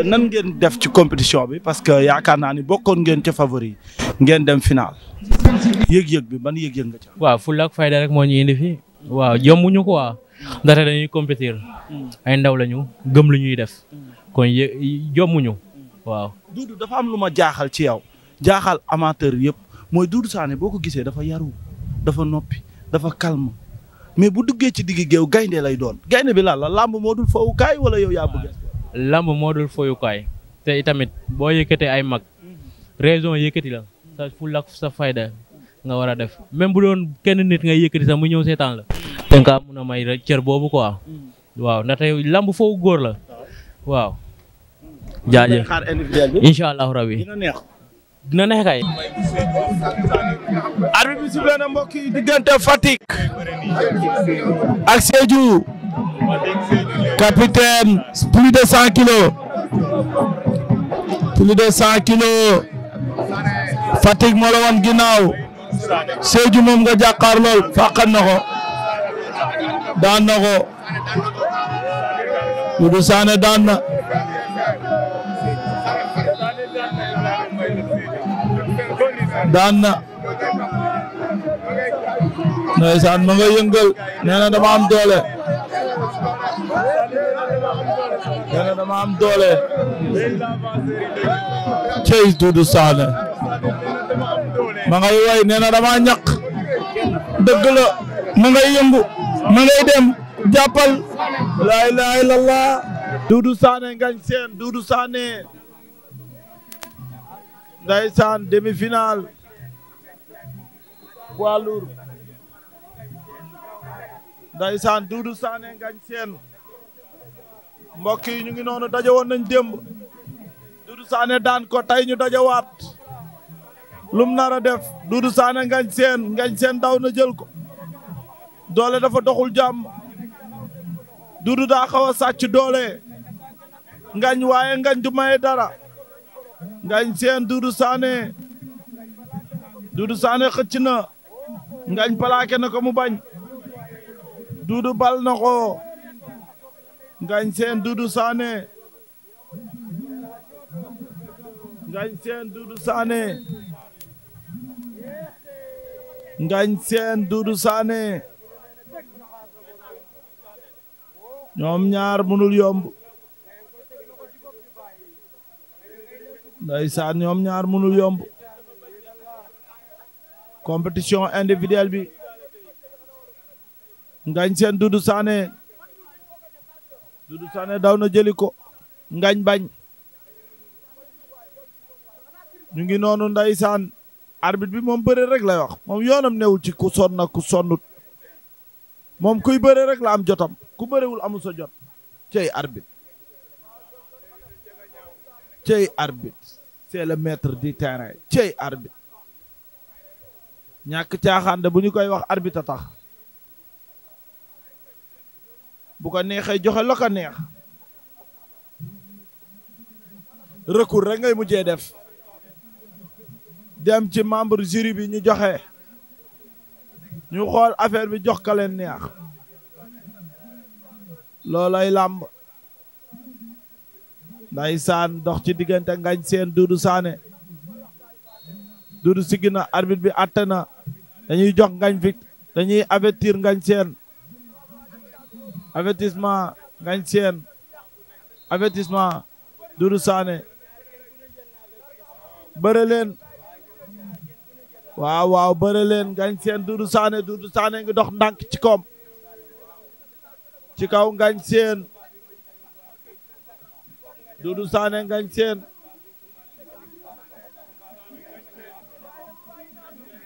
nan ngeen def ci compétition bi parce que yaakaar naa ni bokkoon ngeen ca favori ngeen dem final yëg-yëg bi ban yëg-yëg nga ca. waaw fulla ak fayda rek moo ñu indi fii waaw yombuñu quoi ndaxte dañuy compétir hmm. ay ndaw lañu gëm lu ñuy def hmm. kon yë yombuñu hmm. waaw. Doudou dafa am lu ma jaaxal ci yow jaaxal amateur yëpp mooy Doudou Sané boo ko gisee dafa yaru dafa noppi dafa calme mais bu duggee ci digg géew gaynde lay doon gaynde bi lan la lamb moo dul fowukaay wala yow yaa bëgg lamb moo dul foyukaay te itamit boo yëkkatee ay mag raison yëkkati la sa fulla ak sa fayda nga war a def même bu doon kenn nit nga yëkkati sax mu ñëw seetaan la te nga mun a may cër boobu quoi waaw na tey lamb foofu góor la waaw jaajëf incha allahu rabi dina neex kay arbitre bi sifflé na mbokk yi diggante ak Sédhiou capitaine plus de cent kilos plus de cent kilos Fatick moo la wan moom nga jàkkaar lool fàqan na ko daan na ko Doudou Sané daan na daan na ndeysaan ma nga yëngal nee na dama doole nee na dama am doole. Cey Doudou Sané. ma way nee na dama ñaq. dëgg la ma ngay yëngu. ma ngay dem jàppal. laa ilaaha illallah. Doudou Sané ngañ seen Doudou Sané. Ndeysaan demi-finale. poids lourd. Ndeysaan Doudou Sané ngañ seen. mbokk yi ñu ngi noonu daje woon nañ démb Doudou saane daan ko tey ñu dajawaat lu nar a def Doudou Sané ngañ seen ngañ seen daw na jël ko doole dafa doxul jàmm Doudou daa xaw a sàcc doole ngañ waaye ngañ du maye dara ngañ seen Doudou saane du Sané xëcc na ngañ plaqué ko mu bañ Doudou bal na ko Ngagne Sène Doudou Sané Ngagne Sène Doudou Sané Ngagne Sène Doudou Sané ñoom ñaar mënul yomb ndeysaan ñoom ñaar mënul yomb compétition individuelle bi Ngagne seen Doudou Sané Doudou Sané daw na jëli ko ngañ bañ ñu ngi noonu ndeysaan arbitre bi moom bëre rek lay wax moom yoonam newul ci ku sonn ku sonnut moom kuy bëre rek la am jotam ku bërewul amul sa jot cey arbitre cey arbitre c'est le maître du terrain cey arbitre ñàkk caaxaan de bu ñu koy wax arbitre a tax bu ko neexee joxe la ko neex recours rek ngay mujje def dem ci membre jury bi ñu joxe ñu xool affaire bi jox ka leen neex loolay làmb saan dox ci diggante ngañ seen duudu saane duudu siggi na arbitre bi àtte dañuy jox ngañ fi dañuy avertir ngañ seen avertissement Ngagne Sène avertissement saane Sané waaw waaw bëre leen Ngagne Sène Doudou saane Doudou Sané ngi dox ndànk ci koom ci kaw Ngagne Sène Doudou Sané Ngagne Sène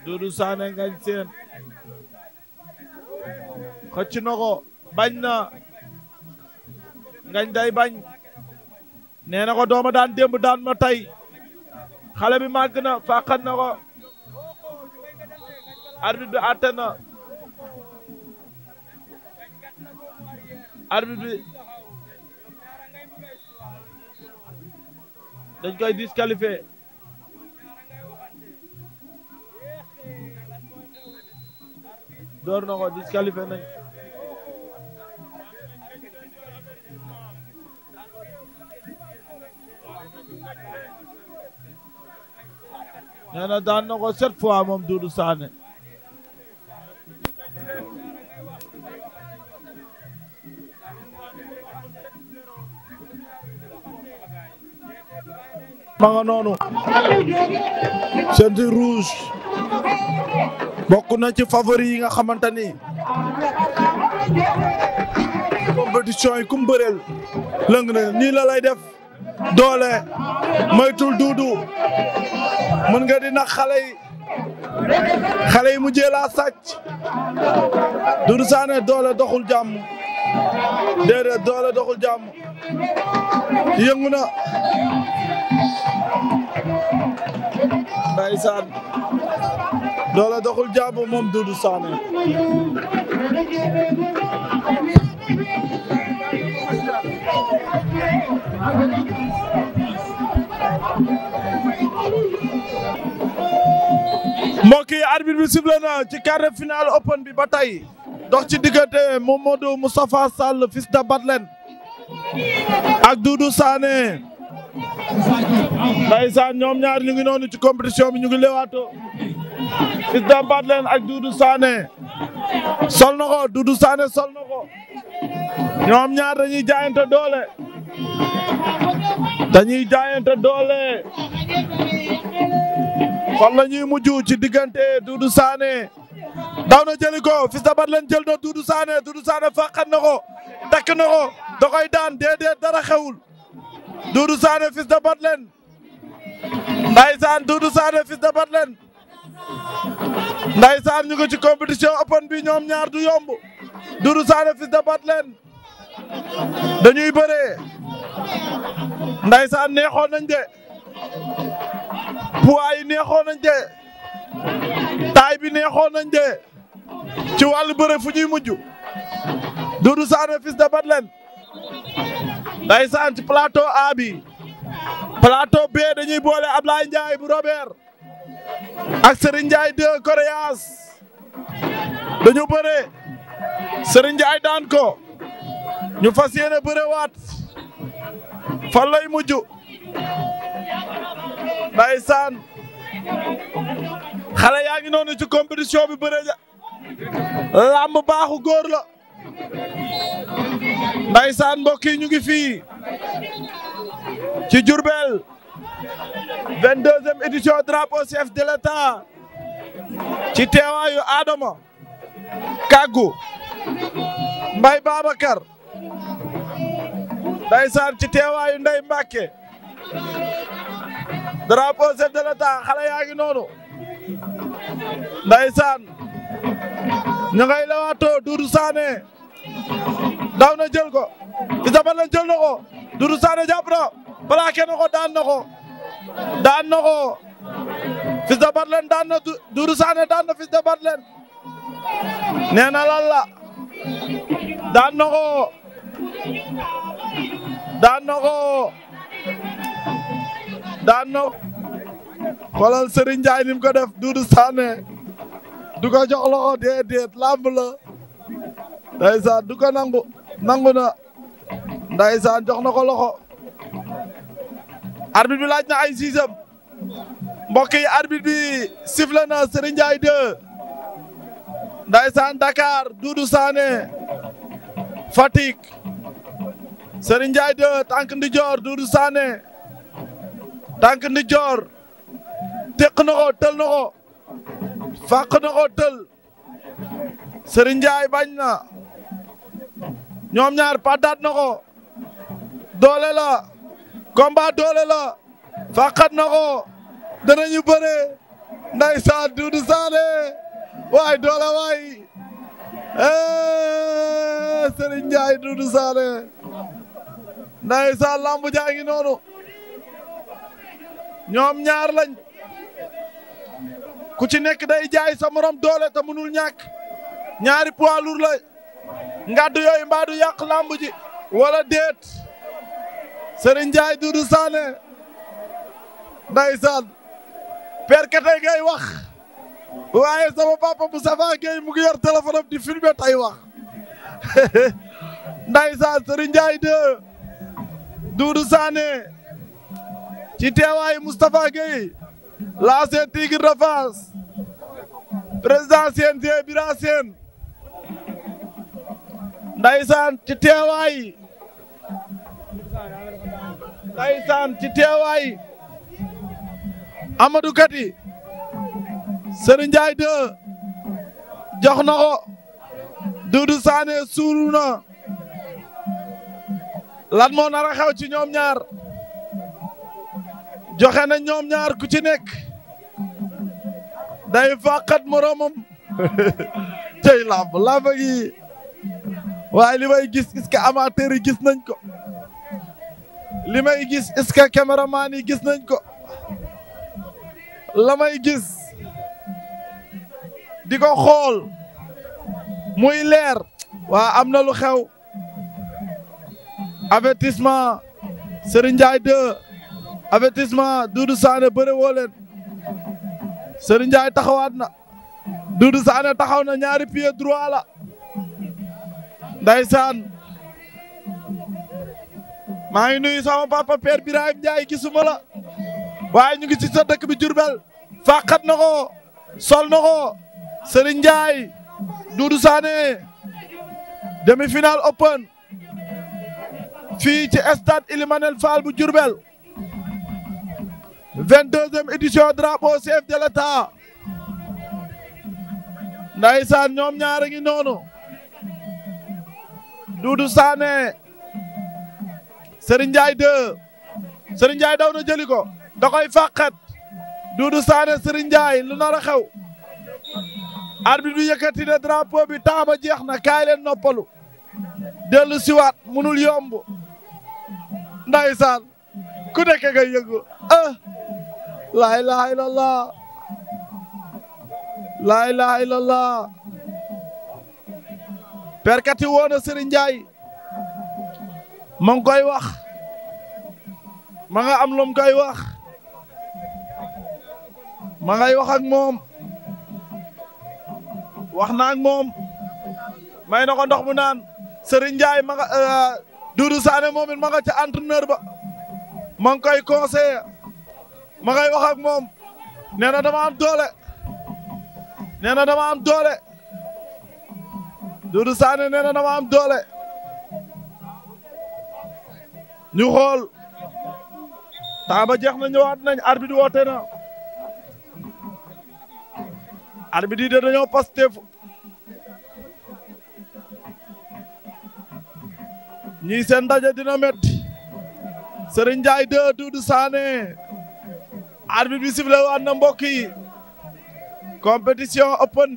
Doudou Sané Ngagne Sène bañ na ngañ day bañ nee na ko dooma daan démb daan ma tey xale bi màgg na fàqat na ko arbitre bi àtte na arbitre bi dañ koy disqualifié door na ko disqualifié nañ nee na daan na ko sept fois moom Doudou Sané ma nga noonu ceinture rouge bokk na ci favori yi nga xamante ni compétition yi ku mu bëreel lëng na nii def doole maytul duudu mun nga di nax xale yi xale yi mujjee laa sàcc Doudou Sané doole doxul jàmm déedéet doole doxul jàmm yëngu na ndeysaan doole doxul jàmm moom Doudou Sané mbokk yi arbitre bi sifflé ci quart de finale open bi ba tey dox ci diggante Mamadou Moustapha Sall fils de Batlen ak Doudou Sané ndeysaan ñoom ñaar ñu ngi noonu ci compétition bi ñu ngi leewaato fils Batlen ak Doudou Sané sol na ko Doudou sol na ko ñoom ñaar dañuy jaayante doole dañuy jaayante doole fan la ñuy mujj ci diggante Doudou Sané daw na jëli ko Fils de Batlen jël na Doudou Sané Doudou Sané takk na ko da koy daan déedéet dara xewul Doudou Sané Fils de Batlen ndaysaan Doudou Sané Fils de Batlen ndaysaan ñu ci compétition open bi ñoom ñaar du yomb Doudou Sané Fils de Batlen dañuy bëree ndaysaan neexoon nañ poids yi neexoon nañ de taay bi neexoon nañ ci wàllu bëre fu ñuy mujj Doudou Sané Fils de Batlen ndeysaan ci plateau A bi plateau B dañuy boole Ablaye Ndiaye bu Robert ak Serigne Ndiaye deux Coréas dañu bëre Serigne Ndiaye daan ko ñu fas yéene bëre waat fan lay mujj saan xale yaa ngi noonu ci compétition bi bëre ja làmb baaxu góor la ndeysaan mbokk yi ñu ngi fii ci Diourbel vingt-deuxième édition drapeau chef de l'État ci teewaayu Adama Kaggu Mbay Babacar ndeysaan ci teewaayu Ndey Mbàkke drapeau chef de l'État xale yaa ngi noonu ndaysaan ñu ngay lewaatoo Doudou Sané daw na jël ko Fils de Balla jël na ko Doudou Sané jàpp na plaqué na ko daan na ko daan na ko Fils de Balla daan na Doudou Sané daan na Fils de Balla nee na lan daan na ko daan na ko daan na xoolal Serigne Ndiaye ni ko def Doudou Sané du ko jox loxo déedéet làmb la ndeysaan du ko nangu nangu na ndeysaan jox na ko loxo arbitre bi laaj na ay siisam mbokk yi arbitre bi sifflé na Serigne Ndiaye 2 ndeysaan Dakar Doudou Sané Fatick Serigne Ndiaye 2 tànk ndijoor Doudou Sané tànk ndi joor teq na tël na ko fàq tël Serigne Ndiaye bañ na ñoom ñaar pataat na ko doole la combat doole la fàqat na ko danañu bëre ndeysaan Doudou Sané waay doole waay eh, Serigne Ndiaye Doudou Sané ndeysaan lamb jaa ngi noonu ñoom ñaar lañ ku ci nekk day jaay sa morom doole te mënul ñàkk ñaari poids lourd la ngaddu yooyu mbaa du yàq làmb ji wala déet Serigne Ndiaye Doudou Sané ndeysaan perkate ngay wax waaye sama papa bu safa Gueye mu ngi yor téléphone am di filmer tay wax ndeysaan Serigne Ndiaye de Doudou Sané ci teewaayu Moustapha Gueye l'ancien Tigre de président CNG Bira Sène ndaysaan ci teewaay ndaysaan ci teewaay Amadou Kati Serigne Ndiaye 2 jox na ko Doudou Sané suuru na lan moo nar xew ci ñoom ñaar joxe na ñoom ñaar ku ci nekk day fàqat moroomam tey làmb làmb gi waaye li may gis est-ce que amateurs yi gis nañ ko li may gis est-ce que caméraman yi gis nañ ko la may gis di ko xool muy leer waa am na lu xew avertissement Serigne Ndiaye 2 avertissement Doudou Sané bëre woo leen Serigne Ndiaye taxawaat na Doudou Sané taxaw na ñaari pied droit la ndeysaan maa ngi nuyu sama papa Père Birahim Ndiaye gisuma la waaye ñu ngi ci sa dëkk bi Diourbel fàqat na ko sol na ko Serigne Ndiaye Doudou Sané demi-finale open fii ci stade Ilimanel Fall bu Diourbel 22e édition drapeau chef de l'État ndaysaan ñoom ñaar ngi noonu Doudou Sané Serigne Ndiaye 2 daw na jëli ko da koy fàqat Doudou Sané lu nar xew arbitre bi yëkkati na bi temps jeex na kaay leen noppalu dellu siwaat munul yomb ndaysaan ku nekk ngay yëngu ah! laa ilaha illallah laa ilaha illallah perkati woo na Serigne Ndiaye ngi koy wax ma nga am lum koy wax ma ngay wax ak moom wax naa ak moom may na ko ndox mu naan Serigne Ndiaye ma nga euh, Doudou Sané moom it ma nga ca entraîneur ba ma ngi koy conseiller ma ngay wax moom nee na dama am doole nee na dama am doole Doudou Sané nee na dama am doole ñu xool temps jeex na ñëwaat nañ arbitre bi woote na arbitre yi de dañoo Pastef ñii seen ndaje dina metti Serigne Ndiaye 2 Doudou Sané arbitre bi sifflé waat na mbokk yi compétition open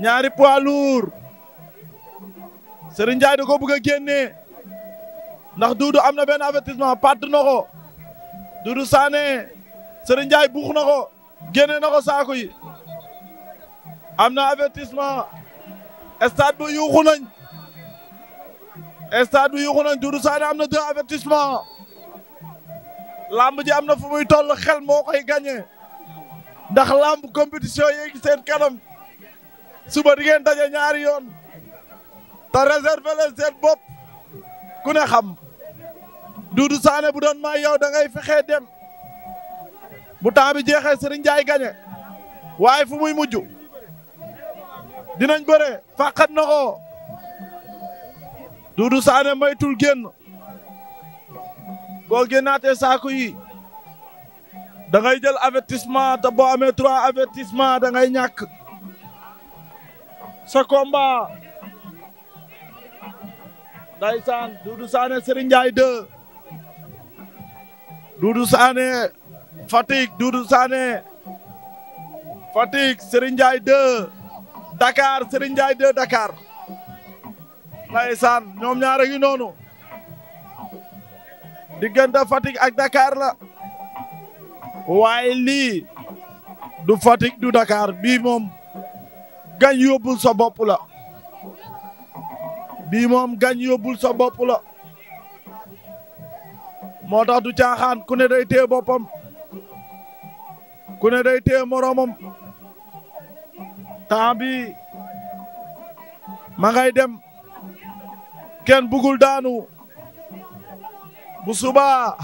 ñaari poids lourd Serigne da ko bëgg a génne ndax Doudou am na benn avertissement pàtt na ko Doudou Sané Serigne Ndiaye buux na ko génne na ko saako yi am na avertissement stade bu yuuxu nañ stade bu yuuxu nañ Doudou am na deux avertissement lamb ji am na fu muy toll xel moo koy gagné ndax lamb compétition yeegi seen kanam suba di ngeen daje ñaari yoon te réserver leen seen bopp ku ne xam Doudou saane bu doon maa yow da ngay fexee dem bu temps bi jeexee Serigne Ndiaye gagné waaye fu muy mujj dinañ bëre fàqat na ko Doudou Sané maytul génn boo génnaatee saako yi da jël avertissement te boo amee trois avertissement da ngay ñàkk sa combat ndaysaan Doudou Sané Serigne Ndiaye 2 Doudou Sané Fatick Doudou Sané Fatick Serigne Ndiaye Dakar Serigne Ndiaye 2 Dakar ndaysaan ñoom ñaar a noonu di diggante Fatick ak Dakar la waaye lii du fatig du dakaar bii moom gañ yóbbul sa bopp la bii moom gañ yóbbul sa bopp la moo tax du caaxaan ku ne day téye boppam ku ne day téye moroomam temps bi ma dem kenn bugul daanu bu subaa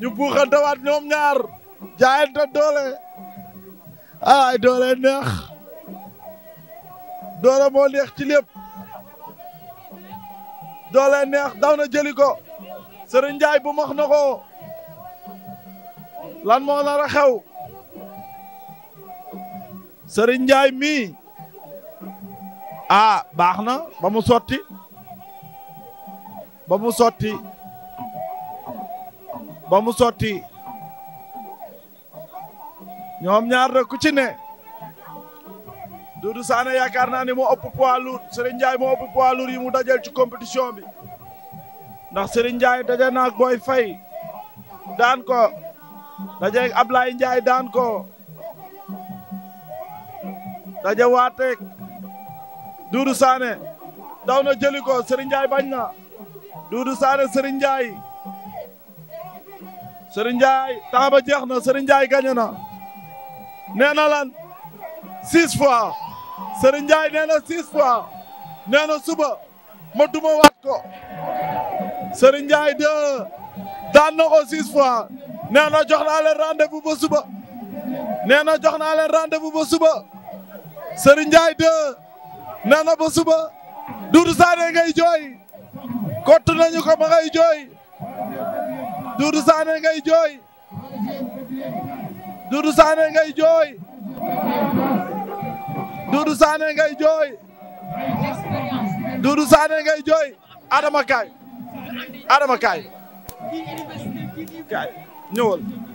ñu buuxantewaat ñoom ñaar jaayante doole ay doole neex doole moo neex ci lépp doole neex daw na jëli ko Serigne Ndiaye bu max na ko lan moo nar a xew Serigne Ndiaye mii ah baax na ba mu sotti ba mu sotti ba mu sotti ñoom ñaar na ku ci ne Doudou Sané yaakaar naa ni moo ëpp poids yi mu dajal ci compétition bi ndax Serigne Ndiaye daje na ak Boy Faye daan ko daje ak Ablaye daje waateeg Doudou Sané daw na jëli ko Serigne bañ na Doudou Sané Serigne Ndiaye Serigne Ndiaye temps ba jeex na Serigne Ndiaye gagné na nee na lan six fois Serigne Ndiaye nee na six fois suba ma duma waat ko Serigne Ndiaye deux daan ko six fois nee na jox naa leen ba suba nee na jox naa leen rendez ba suba Serigne Ndiaye deux nee ba suba Doudou Sané ngay jooy kott nañu ko ma ngay jooy Doudou Sané ngay jooy Doudou Sané ngay jooy Doudou Sané ngay jooy Doudou Sané ngay jooy Adama kaay Adama kaay kaay